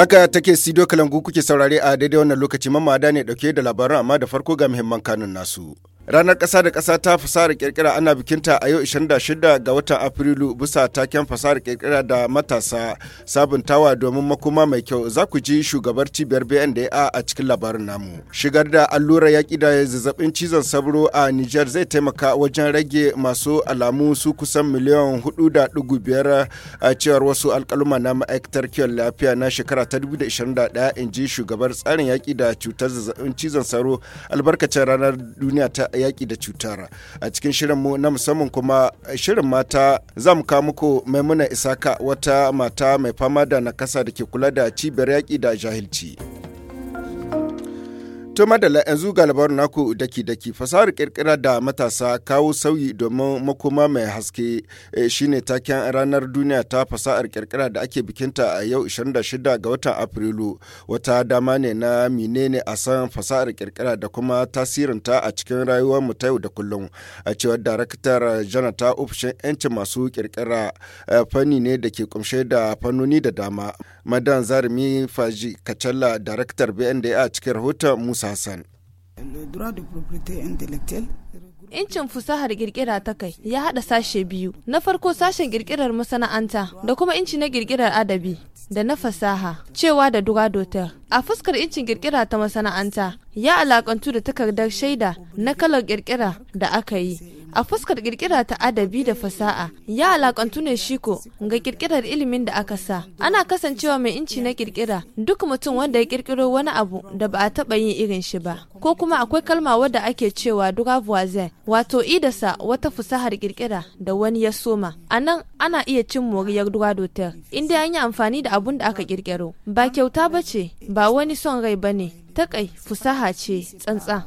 Haka take Sido Kalangu kuke saurare a daidai wannan lokaci mamada ne dauke da labaran amma da farko ga muhimman kanun nasu. Ranar ƙasa da ƙasa ta fasahar ƙirƙira ana bikinta a yau 26 ga watan Afrilu bisa taken fasahar ƙirƙira da matasa sabuntawa domin makoma mai kyau za ku ji shugabar cibiyar BNDA a cikin labarin namu. Shigar da allura yaƙi da zazzabin cizon sauro a niger zai taimaka wajen rage masu alamu su kusan miliyan 4.5 a cewar wasu alƙaluma na ma'aikatar kiwon lafiya na shekara ta 2021 in ji shugabar tsarin yaƙi da cutar zazzabin cizon sauro albarkacin ranar duniya ta yaƙi da cutar a cikin shirinmu na musamman kuma eh, shirin mata za mu kawo muku maimuna isaka wata mata mai fama da nakasa da ke kula da cibiyar yaƙi da jahilci. To madalla yanzu ga labarin naku daki-daki fasahar kirkira da matasa kawo sauyi domin makoma mai haske eh, shine taken ranar duniya ta fasahar kirkira da ake bikinta a yau 26 ga watan Afrilu wata dama ne na menene a san fasahar kirkira da kuma tasirinta a cikin rayuwar mu ta yau da kullum a cewar daraktar janata ofishin 'yancin masu kirkira eh, fanni ne da ke kumshe da fannoni da dama. madan zarmi faji kacalla daraktar bnda a cikin rahoton musa hassan Incin fusahar girgira ta kai ya hada sashe biyu. Na farko sashen girgirar masana'anta da kuma inci na girgirar adabi da na fasaha cewa da duga dotar. A fuskar incin girgira ta masana'anta ya alakantu da takardar shaida na kalar girgira da aka yi. A fuskar kirkira ta adabi da fasa'a, ya alakantu ne ko ga kirkirar ilimin da aka sa. Ana kasancewa mai inci na kirkira duk mutum wanda ya kirkiro wani abu da ba a taba yin irin shi ba. Ko kuma akwai kalma wadda ake cewa droit wato idasa wata fasahar kirkira da wani ya soma. A nan ana iya cin moriyar droit d'auteur, inda an yi amfani da abun da aka kirkiro. Ba kyauta ba ce, ba wani son rai ba ne, takai fusaha ce tsantsa.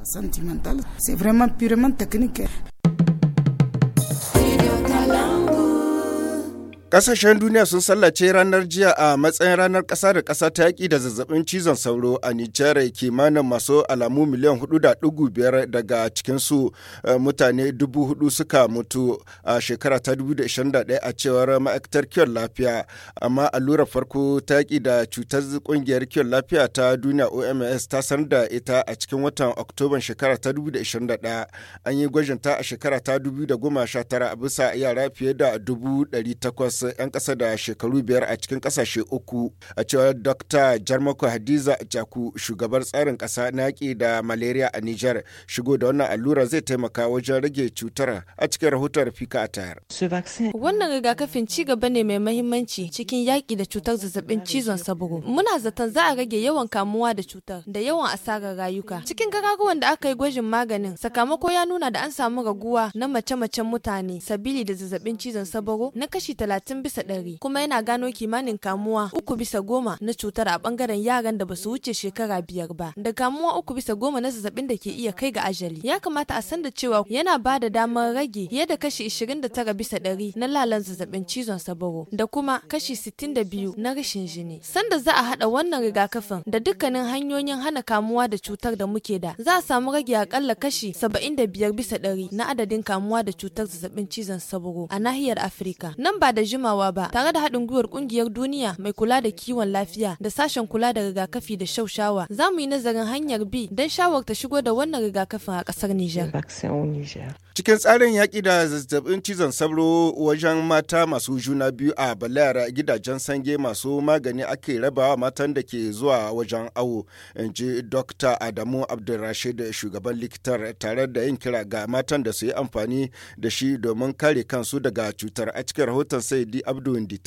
Ƙasashen duniya sun sallace ranar jiya a matsayin ranar ƙasa da ƙasa ta yaƙi da zazzabin cizon sauro a Nijar kimanin masu alamu miliyan hudu da ɗugu biyar daga cikinsu eh, mutane dubu hudu suka mutu a shekara ta dubu da ishirin da ɗaya a cewar ma'aikatar kiwon lafiya. Amma allurar farko ta yaƙi da cutar ƙungiyar kiwon lafiya ta duniya OMS ta sanar da ita a cikin watan Oktoban shekara ta dubu da ishirin da ɗaya. An yi gwajin ta a shekara ta dubu da goma sha tara a bisa yara fiye da dubu ɗari takwas 'yan kasa da shekaru biyar a cikin ƙasashe uku a cewar dr jarmako hadiza jaku shugabar tsarin kasa na yaƙi da malaria a niger shigo da wannan allura zai taimaka wajen rage cutar a cikin rahoton fika a tayar wannan rigakafin ci gaba ne mai mahimmanci cikin yaƙi da cutar zazzabin cizon saburo muna zaton za a rage yawan kamuwa da cutar da yawan asarar rayuka cikin gagaruwan da aka yi gwajin maganin sakamako ya nuna da an samu raguwa na mace-macen mutane sabili da zazzabin cizon saburo na kashi talatin talatin bisa ɗari kuma yana gano kimanin kamuwa uku bisa goma na cutar a bangaren yaran da basu wuce shekara biyar ba da kamuwa uku bisa goma na zazzabin da ke iya kai ga ajali ya kamata a san da cewa yana ba da damar rage fiye da kashi 29 bisa ɗari na lalan zazzabin cizon sabaro da kuma kashi biyu na rashin jini sanda za a haɗa wannan rigakafin da dukkanin hanyoyin hana kamuwa da cutar da muke da za a samu rage akalla kashi 75 bisa ɗari na adadin kamuwa da cutar zazzabin cizon sabaro a nahiyar afirka nan ba da jima jimawa ba tare da haɗin gwiwar ƙungiyar duniya mai kula da kiwon lafiya da sashen kula da rigakafi da shaushawa za mu yi nazarin hanyar bi don shawarta shigo da wannan rigakafin a kasar Nijar. Cikin tsarin yaƙi da zazzabin cizon sabro wajen mata masu juna biyu a balayara gidajen sange masu magani ake rabawa matan da ke zuwa wajen awo in ji Dr. Adamu Abdulrashid shugaban likitar tare da yin kira ga matan da su yi amfani da shi domin kare kansu daga cutar a cikin rahoton sai seydi abdou indi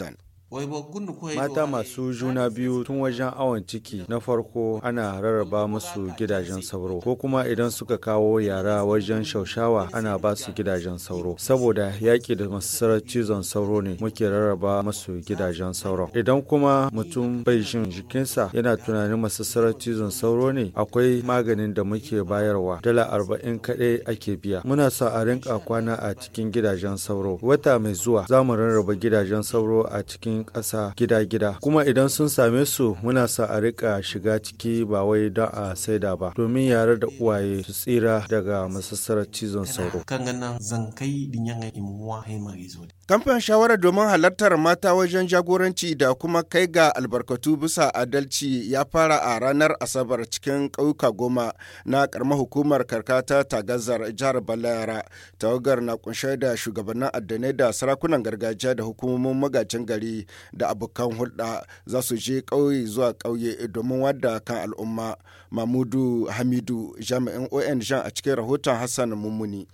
Mata masu juna biyu tun wajen awon ciki na farko ana rarraba musu gidajen sauro ko kuma idan suka kawo yara wajen shaushawa ana ba su gidajen sauro saboda yaƙi da masarar cizon sauro ne muke rarraba masu gidajen sauro. Idan kuma mutum bai jin jikinsa yana tunanin masarar cizon sauro ne akwai maganin da muke bayarwa dala arba'in kaɗai ake biya. Muna sa a rinka kwana a cikin gidajen sauro. Wata mai zuwa za mu rarraba gidajen sauro a cikin ƙasa gida-gida kuma idan sun same su muna sa a rika shiga ciki ba wai don a saida ba domin yare da uwaye su tsira daga masassarar cizon sauro. Kamfen shawarar domin halartar mata wajen jagoranci da kuma kai ga albarkatu bisa adalci ya fara a ranar Asabar cikin kauka goma na ƙaramar hukumar karkata ta gazar jihar Balayara. Tawagar na kunshe da shugabannin addinai da sarakunan gargajiya da hukumomin magajin gari da abokan hulɗa za su je ƙauye zuwa ƙauye domin wadda kan al'umma mamudu hamidu jami'in on a cikin rahoton hassan mummuni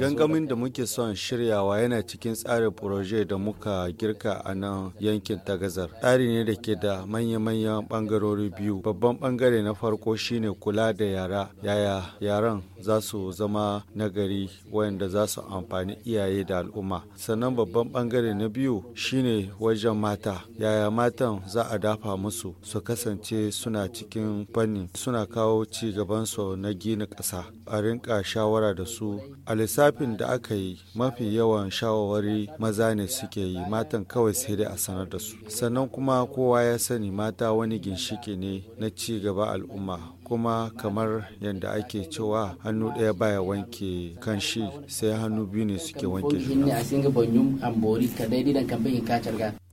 Gangamin da muke son shiryawa yana cikin tsarin proje da muka girka a nan yankin ta gazar. Tsari ne da ke da manya-manyan bangarori biyu. Babban bangare na farko shine kula da yara, yaya yaran za su zama nagari wayanda za su amfani iyaye da al'umma. Sannan babban bangare na biyu shine wajen mata, yaya matan za a dafa musu su kasance suna cikin fanni suna kawo ci su na gina ƙasa. A rinka shawara da su a lissafin da aka yi mafi yawan shawarwari maza ne suke yi matan kawai sai dai a sanar da su sannan kuma kowa ya sani mata wani ginshiki ne na ci gaba al'umma kuma kamar yadda ake cewa hannu ɗaya baya wanke kan shi sai hannu biyu ne suke wanke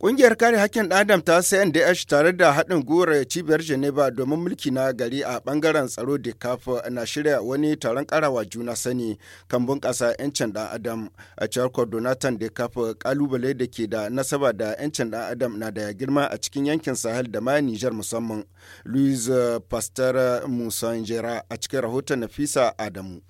Ƙungiyar kare hakkin ɗan adam ta CNDH tare da haɗin gwiwar cibiyar Geneva domin mulki na gari a ɓangaren tsaro kafa na shirya wani taron ƙarawa juna sani kan bunƙasa 'yancin ɗan adam a cewar Donatan kafa kalubale da ke da nasaba da 'yancin ɗan adam na da girma a cikin yankin Sahel da ma Nijar musamman. Louis Pasteur Musa njera a cikin rahoton Nafisa Adamu.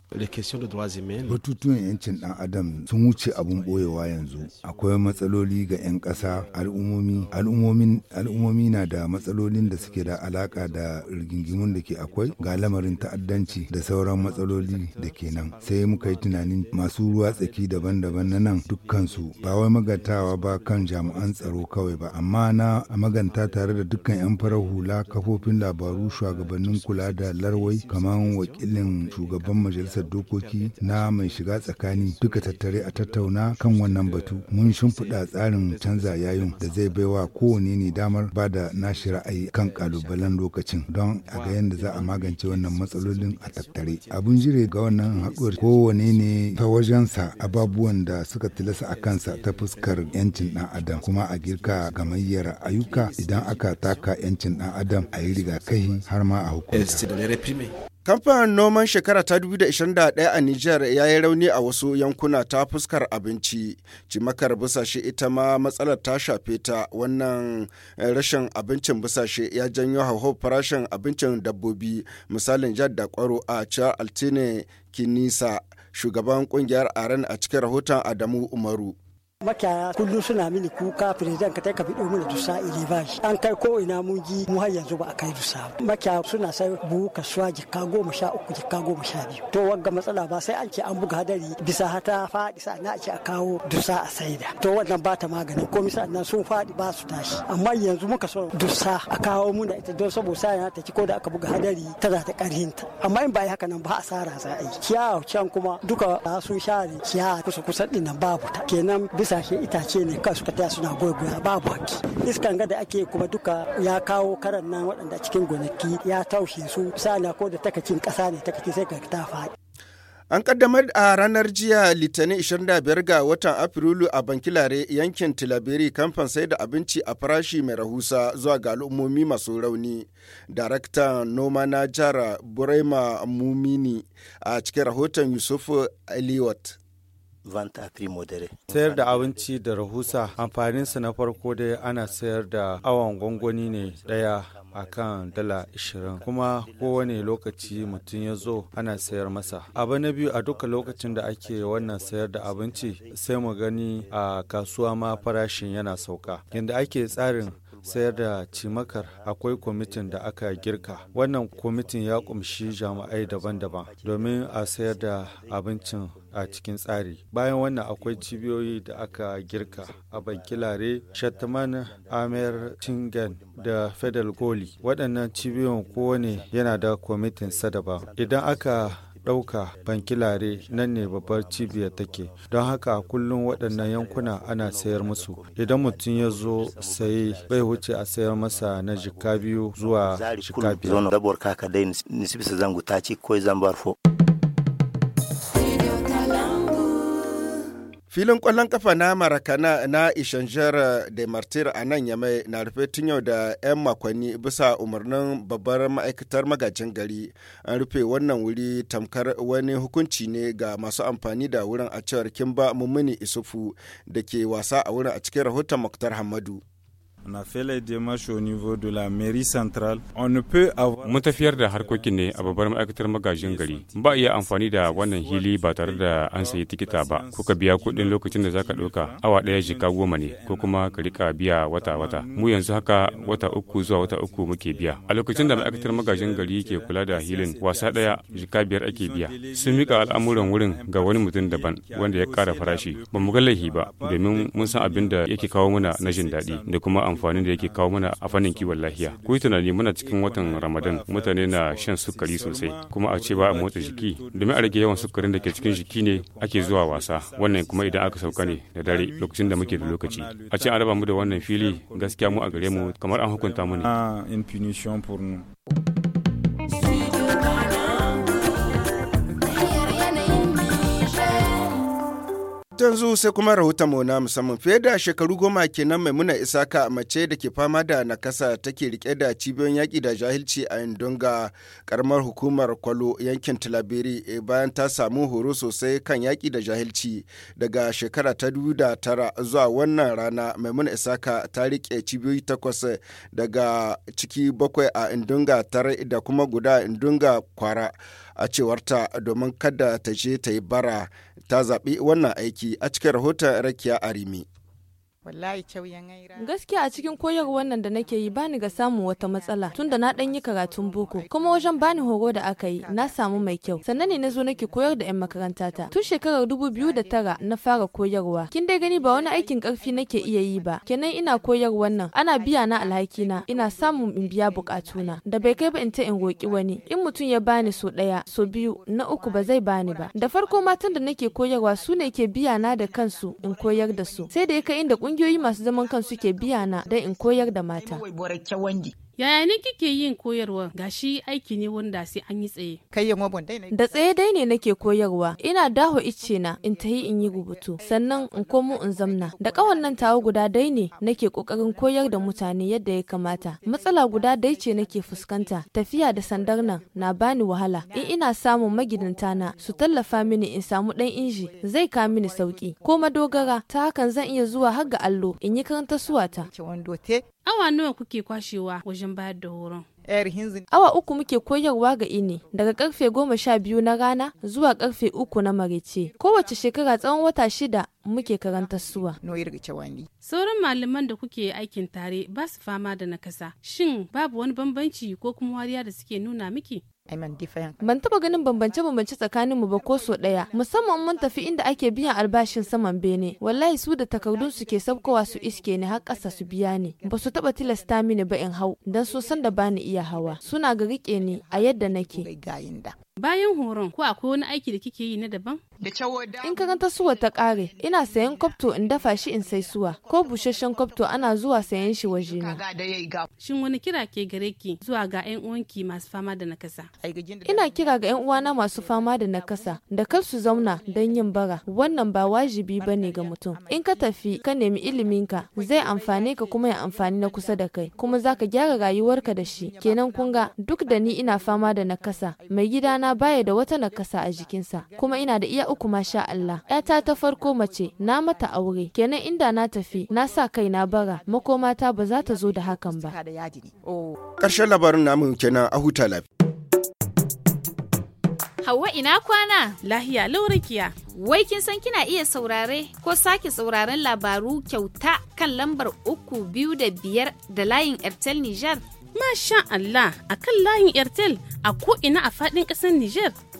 Batutun yancin ɗan Adam sun wuce abun ɓoyewa yanzu. Akwai matsaloli ga 'yan ƙasa, al'ummomi, al'ummomi na da matsalolin da suke da alaƙa da rigingimun da ke akwai ga lamarin ta'addanci da sauran matsaloli da ke nan. Sai muka yi tunanin masu ruwa tsaki daban-daban na nan dukkansu ba wai magantawa ba kan jami'an tsaro kawai ba amma na maganta tare da dukkan 'yan farar hula kafofin labaru shugabannin kula kula da larwai kamar wakilin shugaban majalisar dokoki na mai shiga tsakani duka tattare a tattauna kan wannan batu mun shimfiɗa tsarin canza yayin da zai baiwa kowane ne damar ba da nashi ra'ayi kan kalubalen lokacin don a ga yadda za a magance wannan matsalolin a tattare abun jire ga wannan haɗuwar kowane ne ta wajensa ababuwan da suka tilasa a kansa ta fuskar 'yancin ɗan adam kuma a girka gamayyar ayyuka idan aka taka 'yancin ɗan adam a yi rigakafi har ma a hukunta Kamfanin noman shekara ta 2021 a Nijar ya yi rauni a wasu yankuna ta fuskar abinci, cimakar busashe ita ma matsalar ta shafe ta wannan eh, rashin abincin busashe ya janyo hauhau farashin abincin dabbobi misalin jad da kwaro a Ciyar Altine Kinisa, shugaban kungiyar Aren a cikin rahoton Adamu Umaru. Makiyaya kullum suna mini kuka firidan ka taika biɗo mana dusa ile ba An kai ko ina mun ji mu har yanzu ba a kai dusa ba. suna sai buhu kasuwa jikka goma sha uku jikka goma sha biyu. To wagga matsala ba sai an ce an buga hadari bisa hata faɗi sa, na ce a kawo dusa a saida. To wannan ba ta magani ko na sun faɗi ba su tashi. Amma yanzu muka so dusa a kawo muna ita don saboda na ta ci ko da aka buga hadari tana ta karhinta Amma in ba haka nan ba asara za a yi. Ciyawa can kuma duka sun share ciyawa kusa kusa ɗin babu ta. Kenan kasashe itace ne kan suka taya suna goyagoya babu haki iskan ga da ake kuma duka ya kawo karan nan waɗanda cikin gonaki ya taushe su sana ko da takacin ƙasa ne takacin sai ka ta faɗi An kaddamar a ranar jiya Litinin 25 ga watan Afrilu a Bankilare yankin Tilaberi kamfan sai da abinci a farashi mai rahusa zuwa ga al'ummomi masu rauni. darakta noma na jara Burema Mumini a cikin rahoton Yusuf Eliwat. vanta a Sayar da abinci da rahusa amfaninsa na farko dai ana sayar da awon gwangwani ne daya a kan dala 20 kuma kowane lokaci mutum ya zo ana sayar masa. Abu na biyu a duka lokacin da ake wannan sayar da abinci sai mu gani a kasuwa ma farashin yana sauka. Yanda ake tsarin sayar da cimakar akwai kwamitin da aka girka. Wannan kwamitin ya kumshi jami'ai daban-daban domin a sayar da abincin a cikin tsari. Bayan wannan akwai cibiyoyi da aka girka a Bankilare, Shattaman, Amir Tingen da Fedal Goli. Waɗannan cibiyoyin kowane yana da kwamitin sadaba. Idan aka ɗauka bankilare nan ne babbar cibiyar take don haka kullum waɗannan yankuna ana sayar musu idan mutum ya zo saye bai wuce a sayar masa na jika biyu zuwa jika biyu filin kwallon kafa na marakana na ishanjar da martir a nan yamai na rufe tun yau da 'yan makonni bisa umarnin babbar ma'aikatar magajin gari an rufe wannan wuri tamkar wani hukunci ne ga masu amfani da wurin a cewar kimba mummuni isufu da ke wasa a wurin a cikin rahoton muktar hamadu Mun tafiyar da harkokin ne a babbar ma'aikatar magajin gari. Ba iya amfani da wannan hili ba tare da an sayi tikita ba. ko ka biya kuɗin lokacin da za ka ɗauka awa ɗaya jika goma ne ko kuma ka rika biya wata-wata. Mu yanzu haka wata uku zuwa wata uku muke biya. A lokacin da ma'aikatar magajin gari ke kula da hilin wasa ɗaya jika biyar ake biya. Sun mika al'amuran wurin ga wani mutum daban wanda ya ƙara farashi. Ba mu ga ba domin mun san abin da yake kawo mana na jin daɗi da kuma amfani da yake kawo mana a fannin kiwon lafiya ku yi tunani muna cikin watan ramadan mutane na shan sukari sosai kuma a ce ba a motsa jiki domin a rage yawan sukarin da ke cikin jiki ne ake zuwa wasa wannan kuma idan aka sauka ne da dare lokacin da muke da lokaci a ce an raba mu da wannan fili gaskiya mu a gare mu kamar an hukunta mu ne ah, yanzu sai kuma rahoton mu na musamman fiye da shekaru goma kenan Maimuna Isaka mace da ke fama da nakasa take rike da cibiyoyin yaƙi da jahilci a Indonga karamar hukumar Kwalo yankin tilabiri eh, bayan ta samu horo sosai kan yaƙi da jahilci daga shekara ta dubu da tara zuwa wannan rana Maimuna Isaka ta rike cibiyoyi takwas daga ciki bakwai a Indonga tare da kuma guda Indonga kwara. a cewarta domin kada ta je ta yi bara ta zaɓi wannan aiki a cikin rahoton rakiya a rimi. wallahi aira gaskiya a cikin koyar wannan da nake yi bani ga samun wata matsala tunda na dan yi karatun boko kuma wajen bani horo da aka yi na samu mai kyau sannan ne nazo nake koyar da yan makaranta ta tun shekarar tara na fara koyarwa kin dai gani ba wani aikin karfi nake iya yi ba kenan ina koyar wannan. ana biya na alhaki na ina samun in biya na. da bai kai ba in ta in roki wani in mutum ya bani so daya so biyu na uku ba zai bani ba da farko matan da nake koyarwa su ne ke biya na da kansu in koyar da su sai da ya kai inda ƙungiyoyi masu zaman kansu ke biya na don in koyar da mata. Yaya ne kike yin koyarwa gashi aiki ne wanda sai an yi tsaye? Da tsaye dai ne nake koyarwa. Ina daho ice na in tahi in yi rubutu sannan in komo in zamna. Da kawan nan tawo guda dai ne nake kokarin koyar da mutane yadda ya kamata. Matsala guda dai ce nake fuskanta. Tafiya da sandar nan na bani wahala. In ina samun magidanta na su tallafa mini in samu dan inji zai ka mini sauki. Ko madogara ta hakan zan iya zuwa har ga allo in yi karanta suwata. Awa nawa kuke kwashewa wajen wajen da wurin Awa uku muke koyarwa ga ini daga karfe goma sha biyu na rana zuwa karfe uku na marece. Kowace shekara tsawon wata shida muke karanta suwa. Sauran malaman da kuke aikin tare ba su fama da nakasa. Shin babu wani bambanci ko kuma wariya da suke nuna miki? Ban taba ganin bambance-bambance tsakanin mu ba ko so ɗaya, musamman mun tafi inda ake biyan albashin saman bene. Wallahi su da takardun su ke sabkowa su iske ni har ƙasa su biya ni. Ba su taba tilasta mini ba in hau, dan so san da bani iya hawa. Suna ga rike ni a yadda nake. Bayan horon, ko akwai wani aiki da kike yi na daban? In ka ganta suwa ta kare ina sayan kwabto in dafa shi in sai suwa, ko busasshen kwabto ana zuwa sayan shi waje na. Shin wani kira ke gare ki zuwa ga 'yan uwanki masu fama da nakasa? Ina kira ga 'yan uwana masu fama da nakasa da kar su zauna don yin bara, wannan ba wajibi ba ne ga mutum. In ka tafi ka nemi ilimin ka zai amfane ka kuma ya amfani na kusa da kai, kuma za ka gyara rayuwarka da shi. Kenan kun ga duk da ni ina fama da nakasa, mai gidana baya da wata nakasa a jikinsa, kuma ina da iya uku masha Allah. ‘Yata ta farko mace na mata aure kenan inda na tafi na sa kai na bara makomata ba za ta zo da hakan ba. Ƙarshen labarin namu kenan a huta lafiya. Hauwa ina kwana? Lahiya laurakiya. Wai kin san kina iya saurare ko sake sauraren labaru kyauta kan lambar uku biyu da biyar da layin Airtel Nijar? Masha Allah a kan layin Airtel a ko ina a faɗin ƙasar Nijar?